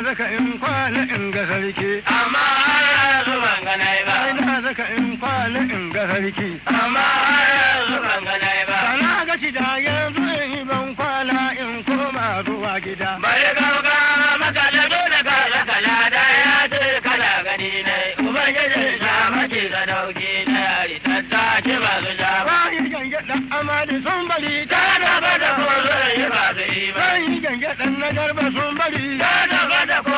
Ina zaka in kwana in ga sarki. Amma har yanzu ban ga nai ba. Ina zaka in kwana in ga sarki. Amma har yanzu ban ga nai ba. Sana ga shi da yanzu in ban kwana in koma zuwa gida. Bari gauga maka da dole ka zaka lada ya ce kala gani ne. Ubangiji ta mace ga dauki na ita ta ce ba su ja ba. Ba yi gyangyada amali sun bari ta da ba da yenge sen ne derbesin beni. Ya da